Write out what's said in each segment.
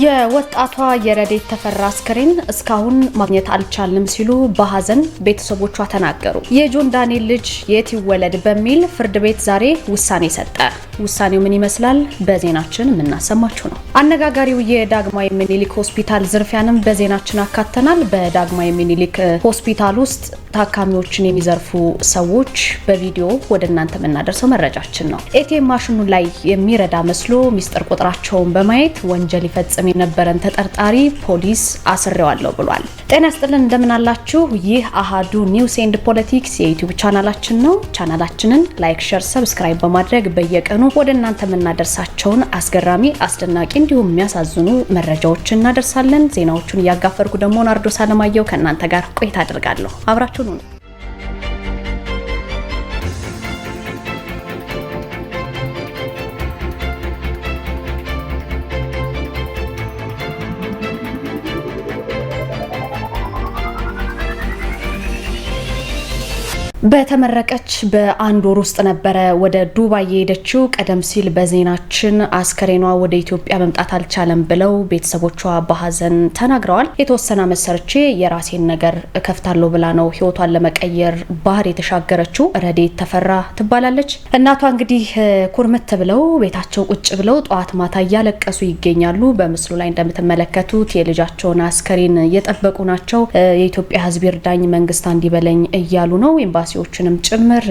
የወጣቷ የረዴት ተፈራ አስክሬን እስካሁን ማግኘት አልቻልንም ሲሉ በሀዘን ቤተሰቦቿ ተናገሩ። የጆን ዳንኤል ልጅ የት ይወለድ በሚል ፍርድ ቤት ዛሬ ውሳኔ ሰጠ። ውሳኔው ምን ይመስላል? በዜናችን የምናሰማችሁ ነው። አነጋጋሪው የዳግማዊ ምኒልክ ሆስፒታል ዝርፊያንም በዜናችን አካተናል። በዳግማዊ ምኒልክ ሆስፒታል ውስጥ ታካሚዎችን የሚዘርፉ ሰዎች በቪዲዮ ወደ እናንተ የምናደርሰው መረጃችን ነው። ኤቲኤም ማሽኑ ላይ የሚረዳ መስሎ ሚስጥር ቁጥራቸውን በማየት ወንጀል ይፈጽ ሲፈጽም የነበረን ተጠርጣሪ ፖሊስ አስሬዋለሁ ብሏል። ጤና ስጥልን እንደምናላችሁ። ይህ አሃዱ ኒውስ ኤንድ ፖለቲክስ የዩቲዩብ ቻናላችን ነው። ቻናላችንን ላይክ፣ ሸር፣ ሰብስክራይብ በማድረግ በየቀኑ ወደ እናንተ የምናደርሳቸውን አስገራሚ፣ አስደናቂ እንዲሁም የሚያሳዝኑ መረጃዎችን እናደርሳለን። ዜናዎቹን እያጋፈርኩ ደግሞ ናርዶስ አለማየሁ ከእናንተ ጋር ቆይታ አድርጋለሁ። አብራችሁን በተመረቀች በአንድ ወር ውስጥ ነበረ ወደ ዱባይ የሄደችው። ቀደም ሲል በዜናችን አስከሬኗ ወደ ኢትዮጵያ መምጣት አልቻለም ብለው ቤተሰቦቿ በሀዘን ተናግረዋል። የተወሰነ ዓመት ሰርቼ የራሴን ነገር እከፍታለሁ ብላ ነው ህይወቷን ለመቀየር ባህር የተሻገረችው። ረዴት ተፈራ ትባላለች። እናቷ እንግዲህ ኩርምት ብለው ቤታቸው ቁጭ ብለው ጠዋት ማታ እያለቀሱ ይገኛሉ። በምስሉ ላይ እንደምትመለከቱት የልጃቸውን አስከሬን እየጠበቁ ናቸው። የኢትዮጵያ ህዝብ እርዳኝ፣ መንግስት አንዲበለኝ እያሉ ነው። እንቅስቃሴዎችንም ጭምር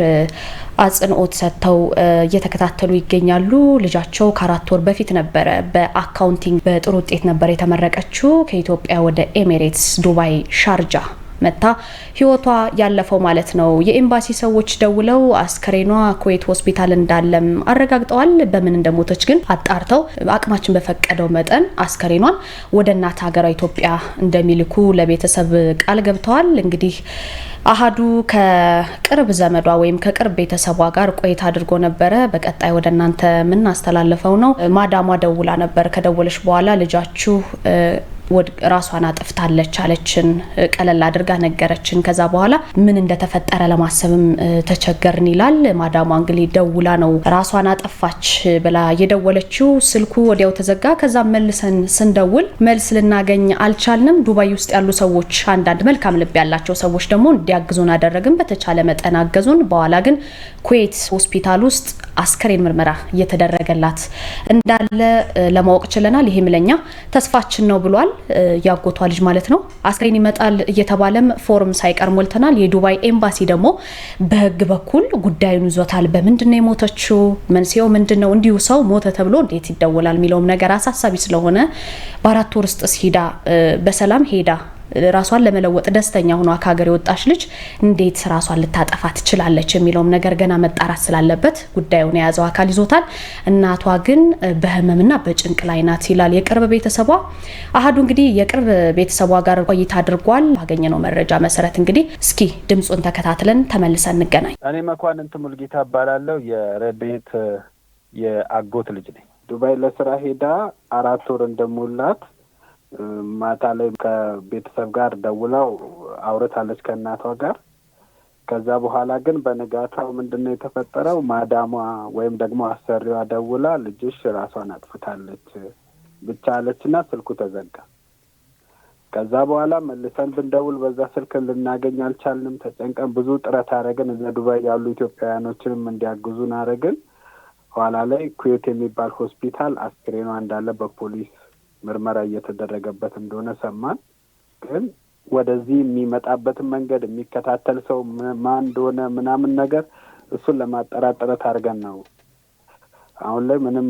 አጽንኦት ሰጥተው እየተከታተሉ ይገኛሉ። ልጃቸው ከአራት ወር በፊት ነበረ በአካውንቲንግ በጥሩ ውጤት ነበር የተመረቀችው ከኢትዮጵያ ወደ ኤሚሬትስ ዱባይ ሻርጃ መታ ህይወቷ ያለፈው ማለት ነው። የኤምባሲ ሰዎች ደውለው አስከሬኗ ኩዌት ሆስፒታል እንዳለም አረጋግጠዋል። በምን እንደሞተች ግን አጣርተው አቅማችን በፈቀደው መጠን አስከሬኗን ወደ እናት ሀገሯ ኢትዮጵያ እንደሚልኩ ለቤተሰብ ቃል ገብተዋል። እንግዲህ አሀዱ ከቅርብ ዘመዷ ወይም ከቅርብ ቤተሰቧ ጋር ቆይታ አድርጎ ነበረ። በቀጣይ ወደ እናንተ የምናስተላልፈው ነው። ማዳሟ ደውላ ነበር። ከደወለች በኋላ ልጃችሁ ራሷን አጥፍታለች አለችን። ቀለል አድርጋ ነገረችን። ከዛ በኋላ ምን እንደተፈጠረ ለማሰብም ተቸገርን ይላል። ማዳሟ እንግዲህ ደውላ ነው ራሷን አጠፋች ብላ የደወለችው። ስልኩ ወዲያው ተዘጋ። ከዛ መልሰን ስንደውል መልስ ልናገኝ አልቻልንም። ዱባይ ውስጥ ያሉ ሰዎች፣ አንዳንድ መልካም ልብ ያላቸው ሰዎች ደግሞ እንዲያግዙን አደረግን። በተቻለ መጠን አገዙን። በኋላ ግን ኩዌት ሆስፒታል ውስጥ አስከሬን ምርመራ እየተደረገላት እንዳለ ለማወቅ ችለናል። ይህም ለኛ ተስፋችን ነው ብሏል። ያጎቷ ልጅ ማለት ነው። አስክሬን ይመጣል እየተባለም ፎርም ሳይቀር ሞልተናል። የዱባይ ኤምባሲ ደግሞ በህግ በኩል ጉዳዩን ይዞታል። በምንድን ነው የሞተችው? መንስኤው ምንድን ነው? እንዲሁ ሰው ሞተ ተብሎ እንዴት ይደወላል? የሚለውም ነገር አሳሳቢ ስለሆነ በአራት ወር ውስጥ ሂዳ በሰላም ሄዳ ራሷን ለመለወጥ ደስተኛ ሆኗ ከሀገር የወጣች ልጅ እንዴት ራሷን ልታጠፋ ትችላለች የሚለውም ነገር ገና መጣራት ስላለበት ጉዳዩን የያዘው አካል ይዞታል። እናቷ ግን በህመምና በጭንቅ ላይ ናት ይላል የቅርብ ቤተሰቧ። አህዱ እንግዲህ የቅርብ ቤተሰቧ ጋር ቆይታ አድርጓል። ባገኘነው መረጃ መሰረት እንግዲህ እስኪ ድምፁን ተከታትለን ተመልሰን እንገናኝ። እኔ መኳንንት ሙልጌታ እባላለሁ። የረድኤት የአጎት ልጅ ነኝ። ዱባይ ለስራ ሄዳ አራት ወር እንደሞላት ማታ ላይ ከቤተሰብ ጋር ደውለው አውርታለች ከእናቷ ጋር። ከዛ በኋላ ግን በንጋታው ምንድን ነው የተፈጠረው? ማዳሟ ወይም ደግሞ አሰሪዋ ደውላ ልጅሽ ራሷን አጥፍታለች ብቻ አለችና ስልኩ ተዘጋ። ከዛ በኋላ መልሰን ብንደውል በዛ ስልክ ልናገኝ አልቻልንም። ተጨንቀን ብዙ ጥረት አረግን። እዛ ዱባይ ያሉ ኢትዮጵያውያኖችንም እንዲያግዙን አረግን። ኋላ ላይ ኩዌት የሚባል ሆስፒታል አስክሬኗ እንዳለ በፖሊስ ምርመራ እየተደረገበት እንደሆነ ሰማን። ግን ወደዚህ የሚመጣበትን መንገድ የሚከታተል ሰው ማን እንደሆነ ምናምን ነገር እሱን ለማጣራት ጥረት አድርገን ነው። አሁን ላይ ምንም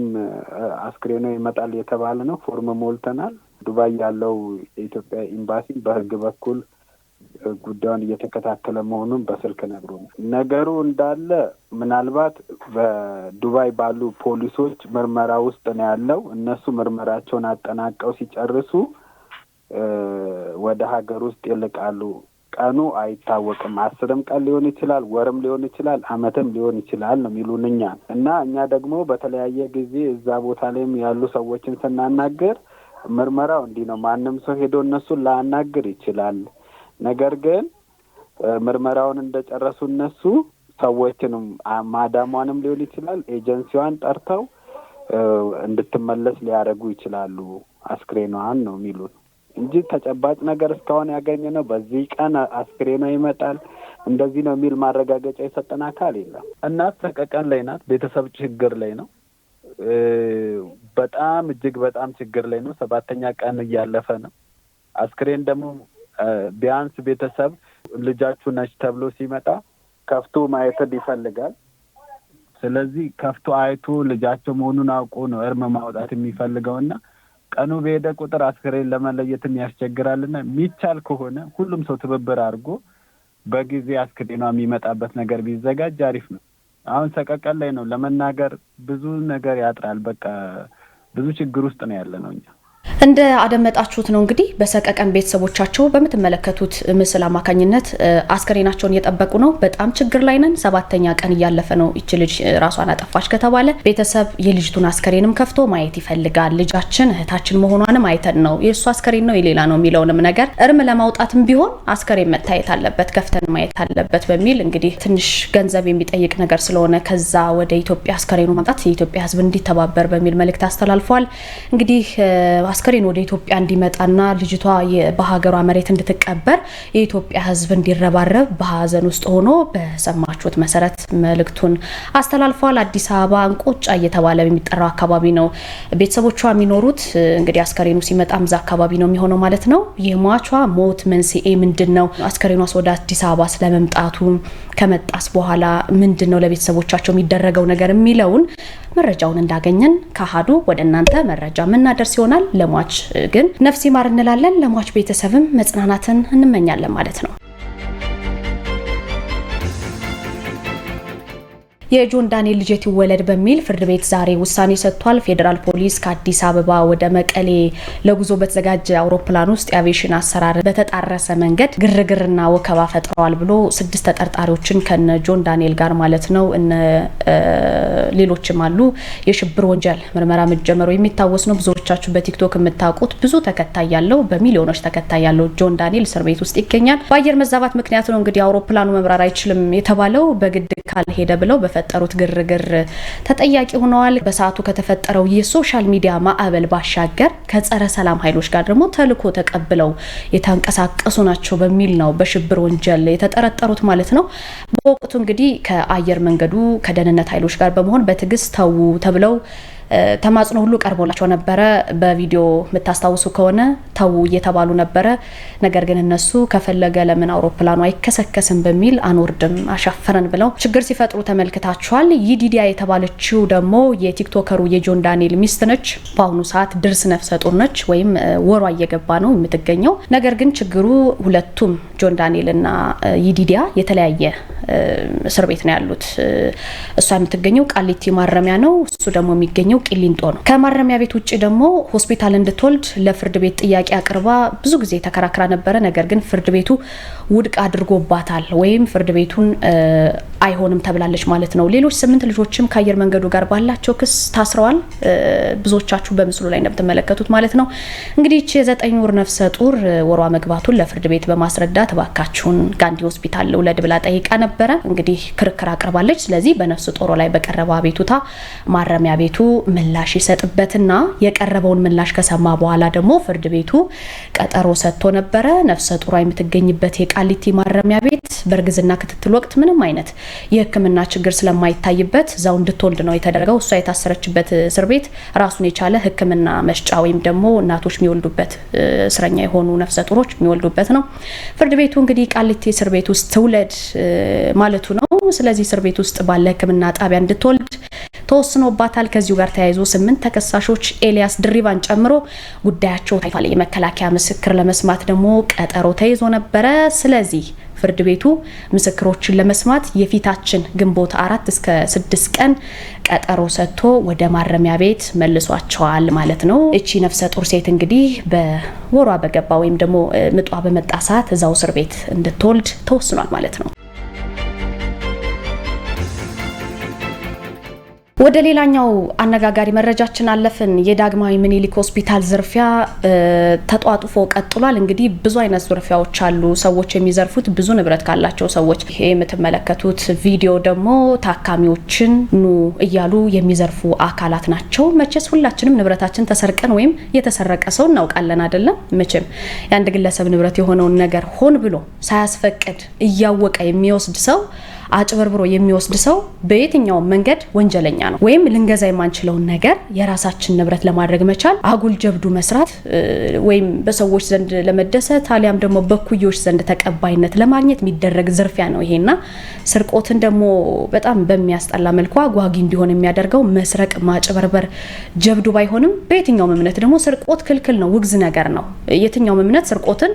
አስክሬኖ ይመጣል የተባለ ነው። ፎርም ሞልተናል። ዱባይ ያለው የኢትዮጵያ ኤምባሲ በህግ በኩል ጉዳዩን እየተከታተለ መሆኑን በስልክ ነግሮናል። ነገሩ እንዳለ ምናልባት በዱባይ ባሉ ፖሊሶች ምርመራ ውስጥ ነው ያለው። እነሱ ምርመራቸውን አጠናቀው ሲጨርሱ ወደ ሀገር ውስጥ ይልቃሉ። ቀኑ አይታወቅም። አስርም ቀን ሊሆን ይችላል፣ ወርም ሊሆን ይችላል፣ አመትም ሊሆን ይችላል ነው የሚሉን እና እኛ ደግሞ በተለያየ ጊዜ እዛ ቦታ ላይም ያሉ ሰዎችን ስናናግር ምርመራው እንዲህ ነው። ማንም ሰው ሄዶ እነሱን ላናግር ይችላል ነገር ግን ምርመራውን እንደጨረሱ እነሱ ሰዎችንም ማዳሟንም ሊሆን ይችላል ኤጀንሲዋን ጠርተው እንድትመለስ ሊያደርጉ ይችላሉ። አስክሬኗን ነው የሚሉት እንጂ ተጨባጭ ነገር እስካሁን ያገኘ ነው። በዚህ ቀን አስክሬኗ ይመጣል እንደዚህ ነው የሚል ማረጋገጫ የሰጠን አካል የለም። እናት ሰቀቀን ላይ ናት። ቤተሰብ ችግር ላይ ነው። በጣም እጅግ በጣም ችግር ላይ ነው። ሰባተኛ ቀን እያለፈ ነው። አስክሬን ደግሞ ቢያንስ ቤተሰብ ልጃችሁ ነች ተብሎ ሲመጣ ከፍቶ ማየትን ይፈልጋል። ስለዚህ ከፍቶ አይቶ ልጃቸው መሆኑን አውቆ ነው እርም ማውጣት የሚፈልገው እና ቀኑ በሄደ ቁጥር አስክሬን ለመለየትም ያስቸግራልና የሚቻል ከሆነ ሁሉም ሰው ትብብር አድርጎ በጊዜ አስክሬኗ የሚመጣበት ነገር ቢዘጋጅ አሪፍ ነው። አሁን ሰቀቀን ላይ ነው። ለመናገር ብዙ ነገር ያጥራል። በቃ ብዙ ችግር ውስጥ ነው ያለ ነው እኛ እንደ አደመጣችሁት ነው እንግዲህ በሰቀቀን ቤተሰቦቻቸው በምትመለከቱት ምስል አማካኝነት አስከሬናቸውን እየጠበቁ ነው። በጣም ችግር ላይ ነን፣ ሰባተኛ ቀን እያለፈ ነው። ይች ልጅ ራሷን አጠፋች ከተባለ ቤተሰብ የልጅቱን አስከሬንም ከፍቶ ማየት ይፈልጋል። ልጃችን እህታችን መሆኗንም አይተን ነው የእሱ አስከሬን ነው የሌላ ነው የሚለውንም ነገር እርም ለማውጣትም ቢሆን አስከሬን መታየት አለበት፣ ከፍተን ማየት አለበት በሚል እንግዲህ ትንሽ ገንዘብ የሚጠይቅ ነገር ስለሆነ ከዛ ወደ ኢትዮጵያ አስከሬኑ ማምጣት የኢትዮጵያ ሕዝብ እንዲተባበር በሚል መልእክት አስተላልፏል። እንግዲህ አስክሬን ወደ ኢትዮጵያ እንዲመጣና ልጅቷ በሀገሯ መሬት እንድትቀበር የኢትዮጵያ ሕዝብ እንዲረባረብ በሀዘን ውስጥ ሆኖ በሰማችሁት መሰረት መልእክቱን አስተላልፏል። አዲስ አበባ እንቆጫ እየተባለ የሚጠራው አካባቢ ነው ቤተሰቦቿ የሚኖሩት። እንግዲህ አስከሬኑ ሲመጣ ምዛ አካባቢ ነው የሚሆነው ማለት ነው። የሟቿ ሞት መንስኤ ምንድን ነው? አስከሬኗስ ወደ አዲስ አበባ ስለመምጣቱ ከመጣስ በኋላ ምንድን ነው ለቤተሰቦቻቸው የሚደረገው ነገር የሚለውን መረጃውን እንዳገኘን ከአሀዱ ወደ እናንተ መረጃ የምናደርስ ይሆናል። ለሟች ግን ነፍስ ይማር እንላለን። ለሟች ቤተሰብም መጽናናትን እንመኛለን ማለት ነው። የጆን ዳንኤል ልጀት ይወለድ በሚል ፍርድ ቤት ዛሬ ውሳኔ ሰጥቷል። ፌዴራል ፖሊስ ከአዲስ አበባ ወደ መቀሌ ለጉዞ በተዘጋጀ አውሮፕላን ውስጥ የአቪሽን አሰራር በተጣረሰ መንገድ ግርግርና ወከባ ፈጥረዋል ብሎ ስድስት ተጠርጣሪዎችን ከነ ጆን ዳንኤል ጋር ማለት ነው እነ ሌሎችም አሉ የሽብር ወንጀል ምርመራ መጀመሩ የሚታወስ ነው። ብዙዎቻችሁ በቲክቶክ የምታውቁት ብዙ ተከታይ ያለው በሚሊዮኖች ተከታይ ያለው ጆን ዳንኤል እስር ቤት ውስጥ ይገኛል። በአየር መዛባት ምክንያት ነው እንግዲህ አውሮፕላኑ መብራር አይችልም የተባለው በግድ ካልሄደ ብለው ለፈጠሩት ግርግር ተጠያቂ ሆነዋል። በሰዓቱ ከተፈጠረው የሶሻል ሚዲያ ማዕበል ባሻገር ከጸረ ሰላም ኃይሎች ጋር ደግሞ ተልዕኮ ተቀብለው የተንቀሳቀሱ ናቸው በሚል ነው በሽብር ወንጀል የተጠረጠሩት ማለት ነው። በወቅቱ እንግዲህ ከአየር መንገዱ ከደህንነት ኃይሎች ጋር በመሆን በትዕግስት ተዉ ተብለው ተማጽኖ ሁሉ ቀርቦላቸው ነበረ። በቪዲዮ የምታስታውሱ ከሆነ ተዉ እየተባሉ ነበረ። ነገር ግን እነሱ ከፈለገ ለምን አውሮፕላኑ አይከሰከስም በሚል አንወርድም፣ አሻፈረን ብለው ችግር ሲፈጥሩ ተመልክታችኋል። ይህ ዲዲያ የተባለችው ደግሞ የቲክቶከሩ የጆን ዳንኤል ሚስት ነች። በአሁኑ ሰዓት ድርስ ነፍሰ ጡር ነች፣ ወይም ወሯ እየገባ ነው የምትገኘው። ነገር ግን ችግሩ ሁለቱም ጆን ዳንኤል እና ይህ ዲዲያ የተለያየ እስር ቤት ነው ያሉት። እሷ የምትገኘው ቃሊቲ ማረሚያ ነው፣ እሱ ደግሞ የሚገኘው የሚገኘው ቂሊንጦ ነው። ከማረሚያ ቤት ውጭ ደግሞ ሆስፒታል እንድትወልድ ለፍርድ ቤት ጥያቄ አቅርባ ብዙ ጊዜ ተከራክራ ነበረ። ነገር ግን ፍርድ ቤቱ ውድቅ አድርጎባታል ወይም ፍርድ ቤቱን አይሆንም ተብላለች ማለት ነው። ሌሎች ስምንት ልጆችም ከአየር መንገዱ ጋር ባላቸው ክስ ታስረዋል። ብዙዎቻችሁ በምስሉ ላይ እንደምትመለከቱት ማለት ነው። እንግዲህ ይቺ የዘጠኝ ወር ነፍሰ ጡር ወሯ መግባቱን ለፍርድ ቤት በማስረዳት እባካችሁን ጋንዲ ሆስፒታል ልውለድ ብላ ጠይቃ ነበረ። እንግዲህ ክርክር አቅርባለች። ስለዚህ በነፍስ ጦሮ ላይ በቀረበ አቤቱታ ማረሚያ ቤቱ ምላሽ ይሰጥበትና የቀረበውን ምላሽ ከሰማ በኋላ ደግሞ ፍርድ ቤቱ ቀጠሮ ሰጥቶ ነበረ። ነፍሰ ጡሯ የምትገኝበት የቃሊቲ ማረሚያ ቤት በእርግዝና ክትትል ወቅት ምንም አይነት የሕክምና ችግር ስለማይታይበት እዛው እንድትወልድ ነው የተደረገው። እሷ የታሰረችበት እስር ቤት ራሱን የቻለ ሕክምና መስጫ ወይም ደግሞ እናቶች የሚወልዱበት እስረኛ የሆኑ ነፍሰ ጡሮች የሚወልዱበት ነው። ፍርድ ቤቱ እንግዲህ ቃሊቲ እስር ቤት ውስጥ ትውለድ ማለቱ ነው። ስለዚህ እስር ቤት ውስጥ ባለ ሕክምና ጣቢያ እንድትወልድ ተወስኖባታል። ከዚሁ ጋር ተያይዞ ስምንት ተከሳሾች ኤልያስ ድሪባን ጨምሮ ጉዳያቸው ታይቷል። የመከላከያ ምስክር ለመስማት ደግሞ ቀጠሮ ተይዞ ነበረ። ስለዚህ ፍርድ ቤቱ ምስክሮችን ለመስማት የፊታችን ግንቦት አራት እስከ ስድስት ቀን ቀጠሮ ሰጥቶ ወደ ማረሚያ ቤት መልሷቸዋል ማለት ነው። እቺ ነፍሰ ጡር ሴት እንግዲህ በወሯ በገባ ወይም ደግሞ ምጧ በመጣ ሰዓት እዛው እስር ቤት እንድትወልድ ተወስኗል ማለት ነው። ወደ ሌላኛው አነጋጋሪ መረጃችን አለፍን። የዳግማዊ ምኒልክ ሆስፒታል ዝርፊያ ተጧጡፎ ቀጥሏል። እንግዲህ ብዙ አይነት ዝርፊያዎች አሉ፣ ሰዎች የሚዘርፉት ብዙ ንብረት ካላቸው ሰዎች። ይሄ የምትመለከቱት ቪዲዮ ደግሞ ታካሚዎችን ኑ እያሉ የሚዘርፉ አካላት ናቸው። መቼስ ሁላችንም ንብረታችን ተሰርቀን ወይም የተሰረቀ ሰው እናውቃለን አይደለም? መቼም የአንድ ግለሰብ ንብረት የሆነውን ነገር ሆን ብሎ ሳያስፈቅድ እያወቀ የሚወስድ ሰው አጭበርብሮ የሚወስድ ሰው በየትኛውም መንገድ ወንጀለኛ ነው። ወይም ልንገዛ የማንችለውን ነገር የራሳችን ንብረት ለማድረግ መቻል፣ አጉል ጀብዱ መስራት ወይም በሰዎች ዘንድ ለመደሰት አሊያም ደግሞ በኩዮች ዘንድ ተቀባይነት ለማግኘት የሚደረግ ዝርፊያ ነው ይሄና ስርቆትን ደግሞ በጣም በሚያስጠላ መልኩ አጓጊ እንዲሆን የሚያደርገው መስረቅ፣ ማጭበርበር ጀብዱ ባይሆንም በየትኛውም እምነት ደግሞ ስርቆት ክልክል ነው፣ ውግዝ ነገር ነው። የትኛውም እምነት ስርቆትን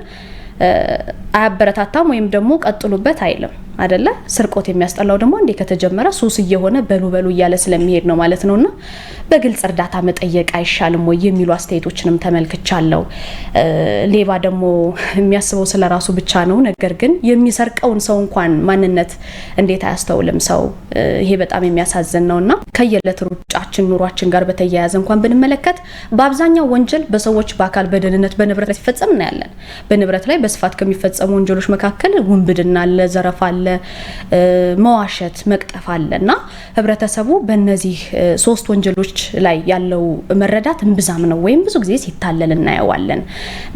አያበረታታም ወይም ደግሞ ቀጥሉበት አይልም አደለ። ስርቆት የሚያስጠላው ደግሞ እንዴ ከተጀመረ ሱስ እየሆነ በሉ በሉ እያለ ስለሚሄድ ነው ማለት ነውና በግልጽ እርዳታ መጠየቅ አይሻልም ወይ የሚሉ አስተያየቶችንም ተመልክቻለሁ። ሌባ ደግሞ የሚያስበው ስለ ራሱ ብቻ ነው። ነገር ግን የሚሰርቀውን ሰው እንኳን ማንነት እንዴት አያስተውልም ሰው? ይሄ በጣም የሚያሳዝን ነውና ከየለት ሩጫ ከራሳችን ኑሯችን ጋር በተያያዘ እንኳን ብንመለከት በአብዛኛው ወንጀል በሰዎች በአካል በደህንነት በንብረት ላይ ሲፈጸም እናያለን። በንብረት ላይ በስፋት ከሚፈጸሙ ወንጀሎች መካከል ውንብድና አለ፣ ዘረፋ አለ፣ መዋሸት፣ መቅጠፍ አለ እና ህብረተሰቡ በእነዚህ ሶስት ወንጀሎች ላይ ያለው መረዳት እምብዛም ነው ወይም ብዙ ጊዜ ሲታለል እናየዋለን።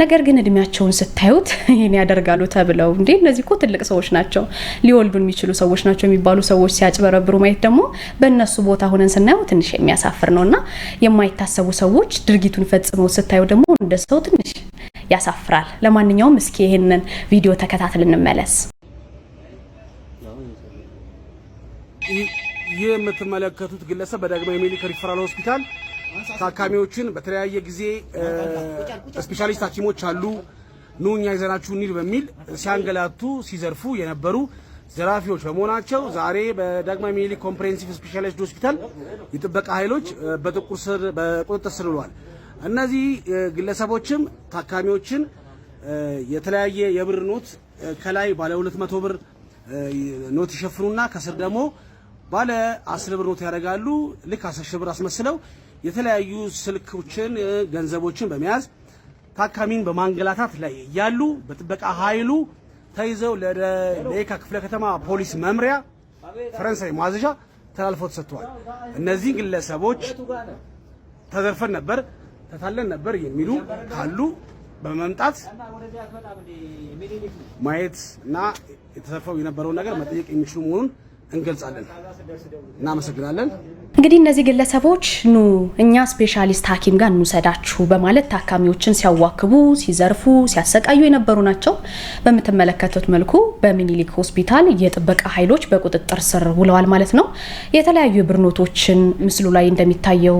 ነገር ግን እድሜያቸውን ስታዩት ይህን ያደርጋሉ ተብለው እንዴ እነዚህ እኮ ትልቅ ሰዎች ናቸው ሊወልዱ የሚችሉ ሰዎች ናቸው የሚባሉ ሰዎች ሲያጭበረብሩ ማየት ደግሞ በእነሱ ቦታ ሆነን ስናየው ትንሽ የሚያሳፍር ነው እና የማይታሰቡ ሰዎች ድርጊቱን ፈጽመው ስታዩ ደግሞ እንደ ሰው ትንሽ ያሳፍራል። ለማንኛውም እስኪ ይህንን ቪዲዮ ተከታትል እንመለስ። ይህ የምትመለከቱት ግለሰብ በዳግማዊ ምኒልክ ሪፈራል ሆስፒታል ታካሚዎችን በተለያየ ጊዜ ስፔሻሊስት ሐኪሞች አሉ ኑ እኛ ይዘናችሁ እንሂድ በሚል ሲያንገላቱ ሲዘርፉ የነበሩ ዘራፊዎች በመሆናቸው ዛሬ በዳግማዊ ሚኒሊክ ኮምፕሬሄንሲቭ ስፔሻላይዝድ ሆስፒታል የጥበቃ ኃይሎች በጥቁር ስር በቁጥጥር ስር ውለዋል። እነዚህ ግለሰቦችም ታካሚዎችን የተለያየ የብር ኖት ከላይ ባለ 200 ብር ኖት ይሸፍኑና ከስር ደግሞ ባለ 10 ብር ኖት ያደርጋሉ። ልክ 10 ሺህ ብር አስመስለው የተለያዩ ስልኮችን፣ ገንዘቦችን በመያዝ ታካሚን በማንገላታት ላይ ያሉ በጥበቃ ኃይሉ ተይዘው ለየካ ክፍለ ከተማ ፖሊስ መምሪያ ፈረንሳይ ማዘዣ ተላልፎ ተሰጥተዋል። እነዚህ ግለሰቦች ተዘርፈን ነበር፣ ተታለን ነበር የሚሉ ካሉ በመምጣት ማየት እና የተዘርፈው የነበረውን ነገር መጠየቅ የሚችሉ መሆኑን እንገልጻለን። እናመሰግናለን። እንግዲህ እነዚህ ግለሰቦች ኑ እኛ ስፔሻሊስት ሐኪም ጋር እንውሰዳችሁ በማለት ታካሚዎችን ሲያዋክቡ፣ ሲዘርፉ፣ ሲያሰቃዩ የነበሩ ናቸው። በምትመለከቱት መልኩ በሚኒሊክ ሆስፒታል የጥበቃ ኃይሎች በቁጥጥር ስር ውለዋል ማለት ነው። የተለያዩ ብርኖቶችን ምስሉ ላይ እንደሚታየው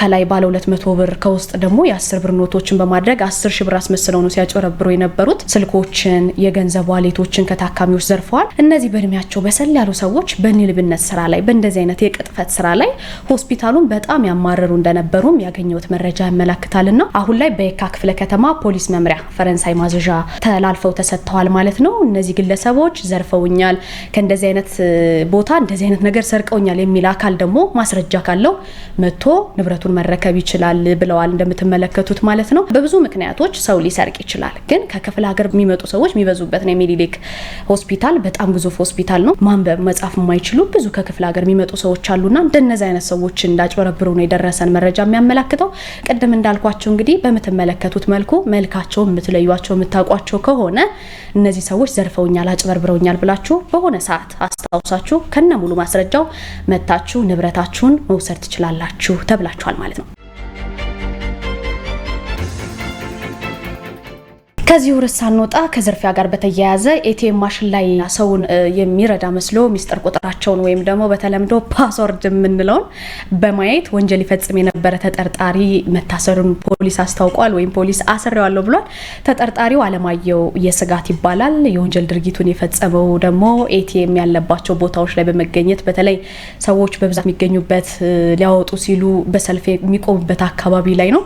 ከላይ ባለ ሁለት መቶ ብር ከውስጥ ደግሞ የአስር ብር በማድረግ አስር ሺ ብር አስመስለው ነው ሲያጭበረብሩ የነበሩት። ስልኮችን፣ የገንዘብ ዋሌቶችን ከታካሚዎች ዘርፈዋል። እነዚህ በእድሜያቸው በሰል ያሉ ሰዎች በንልብነት ስራ ላይ በእንደዚህ አይነት የቅጥፈት ስራ ላይ ላይ ሆስፒታሉን በጣም ያማረሩ እንደነበሩም ያገኘሁት መረጃ ያመላክታል። ና አሁን ላይ በየካ ክፍለ ከተማ ፖሊስ መምሪያ ፈረንሳይ ማዘዣ ተላልፈው ተሰጥተዋል ማለት ነው። እነዚህ ግለሰቦች ዘርፈውኛል፣ ከእንደዚህ አይነት ቦታ እንደዚህ አይነት ነገር ሰርቀውኛል የሚል አካል ደግሞ ማስረጃ ካለው መጥቶ ንብረቱን መረከብ ይችላል ብለዋል። እንደምትመለከቱት ማለት ነው። በብዙ ምክንያቶች ሰው ሊሰርቅ ይችላል። ግን ከክፍለ ሀገር የሚመጡ ሰዎች የሚበዙበት ነው የሚኒሊክ ሆስፒታል። በጣም ግዙፍ ሆስፒታል ነው። ማንበብ መጻፍ የማይችሉ ብዙ ከክፍለ ሀገር የሚመጡ ሰዎች አሉና እንደነ እነዚህ አይነት ሰዎች እንዳጭበረብሩ ነው የደረሰን መረጃ የሚያመላክተው። ቅድም እንዳልኳቸው እንግዲህ በምትመለከቱት መልኩ መልካቸው የምትለዩቸው የምታውቋቸው ከሆነ እነዚህ ሰዎች ዘርፈውኛል፣ አጭበርብረውኛል ብላችሁ በሆነ ሰዓት አስታውሳችሁ ከነ ሙሉ ማስረጃው መታችሁ ንብረታችሁን መውሰድ ትችላላችሁ ተብላችኋል ማለት ነው። ከዚህ ውርስ ሳንወጣ ከዝርፊያ ጋር በተያያዘ ኤቲኤም ማሽን ላይ ሰውን የሚረዳ መስሎ ሚስጥር ቁጥራቸውን ወይም ደግሞ በተለምዶ ፓስወርድ የምንለውን በማየት ወንጀል ይፈጽም የነበረ ተጠርጣሪ መታሰሩን ፖሊስ አስታውቋል። ወይም ፖሊስ አስሬዋለሁ ብሏል። ተጠርጣሪው አለማየሁ የስጋት ይባላል። የወንጀል ድርጊቱን የፈጸመው ደግሞ ኤቲኤም ያለባቸው ቦታዎች ላይ በመገኘት በተለይ ሰዎች በብዛት የሚገኙበት ሊያወጡ ሲሉ በሰልፍ የሚቆሙበት አካባቢ ላይ ነው።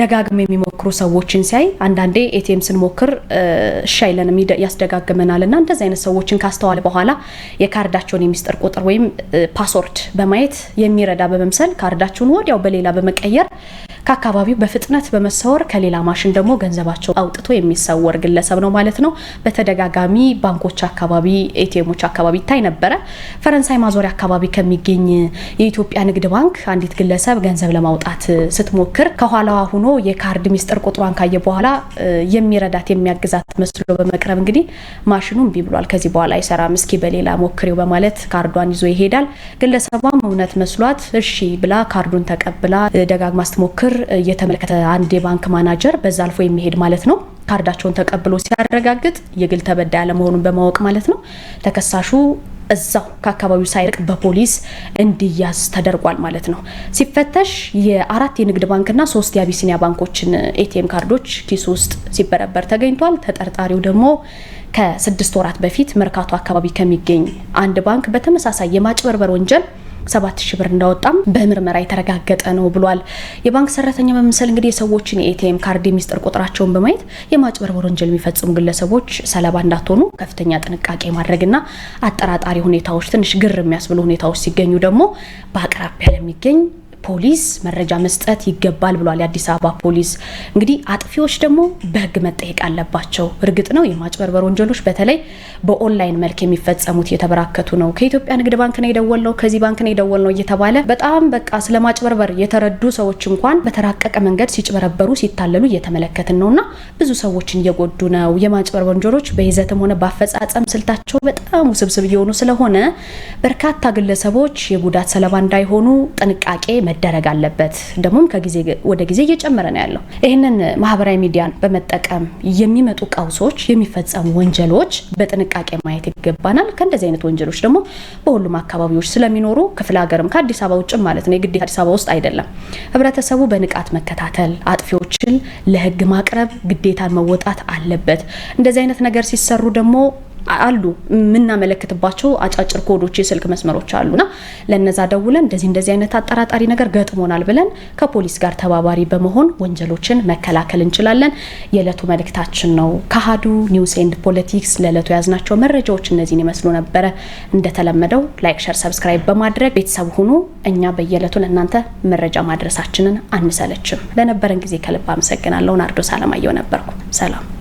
ደጋግመው የሚሞክሩ ሰዎችን ሲያይ አንዳንዴ ኤቲኤም ስንሞክር እሺ አይለንም ያስደጋግመናል። እና እንደዚህ አይነት ሰዎችን ካስተዋለ በኋላ የካርዳቸውን የሚስጥር ቁጥር ወይም ፓስወርድ በማየት የሚረዳ በመምሰል ካርዳችሁን ወዲያው በሌላ በመቀየር ከአካባቢው በፍጥነት በመሰወር ከሌላ ማሽን ደግሞ ገንዘባቸው አውጥቶ የሚሰወር ግለሰብ ነው ማለት ነው። በተደጋጋሚ ባንኮች አካባቢ፣ ኤቲኤሞች አካባቢ ይታይ ነበረ። ፈረንሳይ ማዞሪያ አካባቢ ከሚገኝ የኢትዮጵያ ንግድ ባንክ አንዲት ግለሰብ ገንዘብ ለማውጣት ስትሞክር ከኋላዋ ሁኖ የካርድ ሚስጥር ቁጥሯን ካየ በኋላ የሚረዳት የሚያግዛት መስሎ በመቅረብ እንግዲህ ማሽኑ እምቢ ብሏል፣ ከዚህ በኋላ አይሰራም፣ እስኪ በሌላ ሞክሬው በማለት ካርዷን ይዞ ይሄዳል። ግለሰቧም እውነት መስሏት እሺ ብላ ካርዱን ተቀብላ ደጋግማ ስትሞክር የተመለከተ አንድ የባንክ ማናጀር በዛ አልፎ የሚሄድ ማለት ነው ካርዳቸውን ተቀብሎ ሲያረጋግጥ የግል ተበዳይ አለመሆኑን በማወቅ ማለት ነው ተከሳሹ እዛው ከአካባቢው ሳይርቅ በፖሊስ እንዲያዝ ተደርጓል ማለት ነው። ሲፈተሽ የአራት የንግድ ባንክና ሶስት የአቢሲኒያ ባንኮችን ኤቲኤም ካርዶች ኪሱ ውስጥ ሲበረበር ተገኝቷል። ተጠርጣሪው ደግሞ ከስድስት ወራት በፊት መርካቶ አካባቢ ከሚገኝ አንድ ባንክ በተመሳሳይ የማጭበርበር ወንጀል ሰባት ሺ ብር እንዳወጣም በምርመራ የተረጋገጠ ነው ብሏል። የባንክ ሰራተኛ በመምሰል እንግዲህ የሰዎችን የኤቲኤም ካርድ የሚስጥር ቁጥራቸውን በማየት የማጭበርበር ወንጀል የሚፈጽሙ ግለሰቦች ሰለባ እንዳትሆኑ ከፍተኛ ጥንቃቄ ማድረግና አጠራጣሪ ሁኔታዎች፣ ትንሽ ግር የሚያስብሉ ሁኔታዎች ሲገኙ ደግሞ በአቅራቢያ ለሚገኝ ፖሊስ መረጃ መስጠት ይገባል ብሏል የአዲስ አበባ ፖሊስ። እንግዲህ አጥፊዎች ደግሞ በህግ መጠየቅ አለባቸው። እርግጥ ነው የማጭበርበር ወንጀሎች በተለይ በኦንላይን መልክ የሚፈጸሙት እየተበራከቱ ነው። ከኢትዮጵያ ንግድ ባንክ ነው የደወል ነው ከዚህ ባንክ ነው የደወል ነው እየተባለ በጣም በቃ ስለ ማጭበርበር የተረዱ ሰዎች እንኳን በተራቀቀ መንገድ ሲጭበረበሩ ሲታለሉ እየተመለከትን እና ብዙ ሰዎችን እየጎዱ ነው። የማጭበርበር ወንጀሎች በይዘትም ሆነ በአፈጻጸም ስልታቸው በጣም ውስብስብ እየሆኑ ስለሆነ በርካታ ግለሰቦች የጉዳት ሰለባ እንዳይሆኑ ጥንቃቄ መደረግ አለበት። ደግሞም ከጊዜ ወደ ጊዜ እየጨመረ ነው ያለው። ይህንን ማህበራዊ ሚዲያን በመጠቀም የሚመጡ ቀውሶች፣ የሚፈጸሙ ወንጀሎች በጥንቃቄ ማየት ይገባናል። ከእንደዚህ አይነት ወንጀሎች ደግሞ በሁሉም አካባቢዎች ስለሚኖሩ ክፍለ ሀገርም ከአዲስ አበባ ውጭም ማለት ነው የግዴታ አዲስ አበባ ውስጥ አይደለም፣ ህብረተሰቡ በንቃት መከታተል፣ አጥፊዎችን ለህግ ማቅረብ ግዴታን መወጣት አለበት። እንደዚህ አይነት ነገር ሲሰሩ ደግሞ አሉ የምናመለክትባቸው አጫጭር ኮዶች የስልክ መስመሮች አሉና ለነዛ ደውለን እንደዚህ እንደዚህ አይነት አጠራጣሪ ነገር ገጥሞናል ብለን ከፖሊስ ጋር ተባባሪ በመሆን ወንጀሎችን መከላከል እንችላለን። የዕለቱ መልእክታችን ነው። ከሀዱ ኒውስ ኤንድ ፖለቲክስ ለዕለቱ የያዝናቸው መረጃዎች እነዚህን ይመስሉ ነበረ። እንደተለመደው ላይክ፣ ሸር፣ ሰብስክራይብ በማድረግ ቤተሰብ ሁኑ። እኛ በየዕለቱ ለእናንተ መረጃ ማድረሳችንን አንሰለችም። ለነበረን ጊዜ ከልብ አመሰግናለሁ። ናርዶስ አለማየሁ ነበርኩ። ሰላም